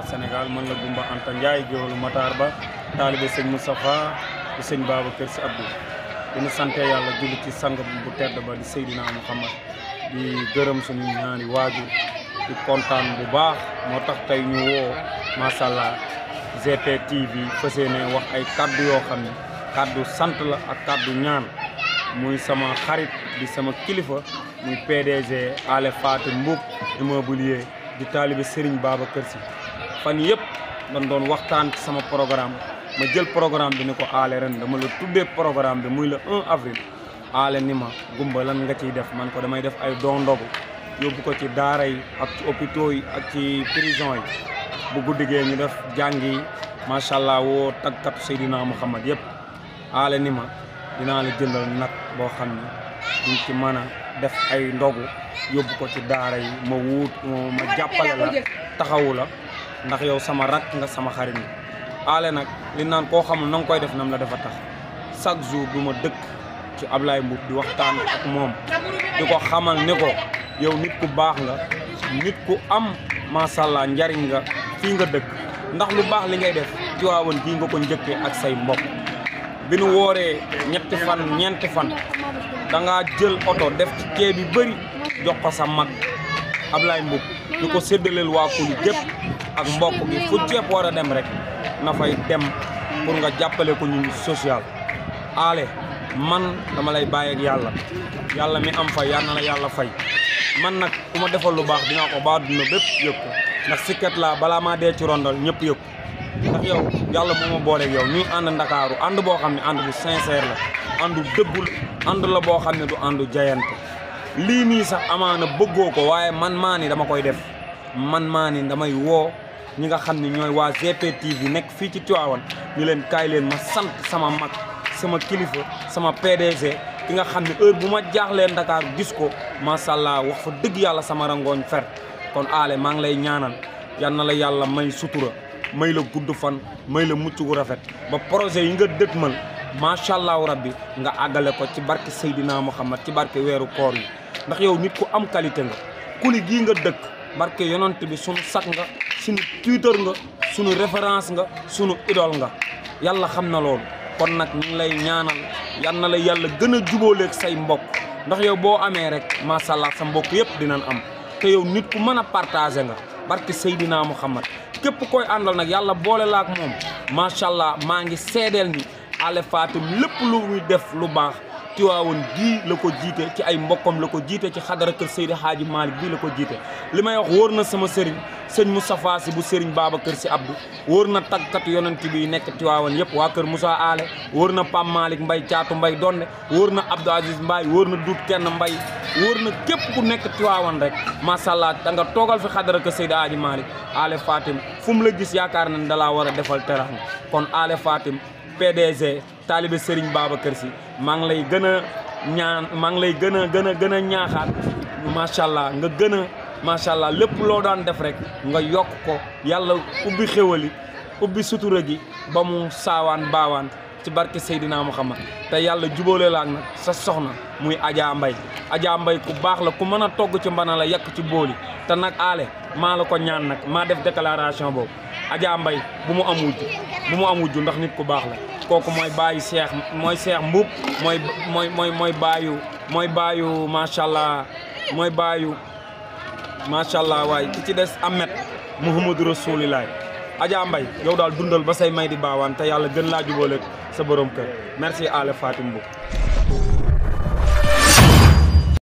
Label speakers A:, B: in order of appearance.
A: waa Sénégal man la Gumba Anta Ndiaye géwalu Matar Ba taalibe sëñ Moustapha di sëñ Babacar Sy Abdou di ñu sante yàlla julli ci sang bu tedd ba di Seydina Muhammad di gërëm suñu ñaari waajur di kontaan bu baax moo tax tey ñu woo macha allah GP TV fas yéene wax ay kaddu yoo xam ne kàddu sant la ak kàddu ñaan muy sama xarit di sama kilifa muy PDG Ale Fatim Mboup immobilier di taalibe Serigne kër si fan yëpp dañ doon waxtaan sama programme ma jël programme bi ni ko aale ren dama la tuddee programme bi muy la 1 avril aale ni ma gumba lan nga ciy def man ko damay def ay don ndogu yóbbu ko ci daara yi ak ci yi ak ci prison yi bu guddigee ñu def jàngi macha allah woo tagkatu Seydina Muhammad yëpp aale ni ma dinaa la jëndal nag boo xam ne duñ ci mën a def ay ndogu yóbbu ko ci daara yi ma ma jàppale la taxawu la ndax yow sama rakk nga sama xarit nga aale nag li naan koo xamul na nga koy def nam la dafa tax chaque jour du ma dëkk ci Ablaye Mboup di waxtaan ak moom di ko xamal ne ko yow nit ku baax nga nit ku am masàllaa njariñ nga fii nga dëkk ndax lu baax li ngay def ci Tiwaawan gii nga ko njëkkee ak say mbokk bi nu wooree ñetti fan ñeenti fan da jël oto def ci ceeb bi jox ko sa mag Ablaye Mboup di ko séddaleel waa Kuli gépp ak mbokk gi fu ceeb war a dem rek na fay dem pour nga jàppale ko ñun social ale man dama lay bàyyi yàlla yàlla mi am fay yal na la yàlla fay man nag ku ma defal lu baax dinaa ko baa duna bépp yëg ko ndax sikkat laa balaa maa dee ci rondal ñëpp yëg ndax yow yàlla moo ma booleeg yow mi ànd ndakaaru ànd boo xam ne ànd bu sincère la àndu dëggul ànd la boo xam ne du àndu jayante lii nii sax amaana bëggoo ko waaye man maa ni dama koy def man maa ni damay woo ñi nga xam ne ñooy waa yi nekk fii ci Tivaouane ni leen kaay leen ma sant sama mag sama kilifa sama PDG ki nga xam ne heure bu ma jaaxlee Ndakaar gis ko macha allah wax fa dëgg yàlla sama rangooñ fer kon aale maa ngi lay ñaanal yal na la yàlla may sutura may la gudd fan may la mucc gu rafet ba projet yi nga dëtmal macha allahu rabbi nga àggale ko ci barke Seydina Muhammad ci barke weeru koor yi ndax yow nit ku am qualité nga kuli gii nga dëkk nga suñu tuteur nga suñu référence nga suñu idole nga yàlla xam na loolu kon nag ñu lay ñaanal yal na la yàlla gën a jubóoleeg say mbokk ndax yow boo amee rek macha allah sa mbokk yëpp dinañ am te yow nit ku mën a partagé nga barke Seydina Muhammad képp koy àndal nag yàlla boole ak moom macha allah maa ngi seedeel ni ale fatim lépp lu muy def lu baax Tiwaawoon gii la ko jiite ci ay mbokkam la ko jiite ci xadara kër Seydi Hadji Malick bii la ko jiite li may wax wóor na sama sëriñ sëñ Moustapha si bu sëriñ kër si Abdou wóor na tagkat yonent bi nekk Tiwaawoon yëpp waa kër musa ale wóor na Pam Malick Mbay Caatu Mbay Donde wóor na Abdou Aziz Mbaye wóor na Duut Kenn Mbay wóor na képp ku nekk Tiwaawoon rek masàllaa da nga toogal fi xadara kër Seydi Hadji Malick Aale Fatim fu mu la gis yaakaar nañ dalaa war a defal terax kon PDG taalibe Serigne Babacar Sy maa ngi lay gën a ñaan maa ngi lay gën a gën a gën a ñaaxaat macha allah nga gën a macha allah lépp loo daan def rek nga yokk ko yàlla ubbi xéwali ubbi sutura gi ba mu saawaan baawaan ci barke Seydina Muhammad te yàlla jubale la ak nag sa soxna muy Adja Mbaye Adja Mbaye ku baax la ku mën a togg ci mbana la yàq ci booli te nag aale maa la ko ñaan nag maa def déclaration boobu Adja Mbay bu mu am wujj bu mu am wujj ndax nit ku baax la kooku mooy baayu Cheikh mooy Cheikh Mboup mooy mooy mooy mooy baayu mooy baayu macha allah mooy baayu macha allah waaye ki ci des mu Ahmed Mouhamadou Rasulilaay Adja Mbay yow daal dundal ba say may di baawaan te yàlla gën laa jubóoleeg sa borom kër merci Allé Fatim Mboup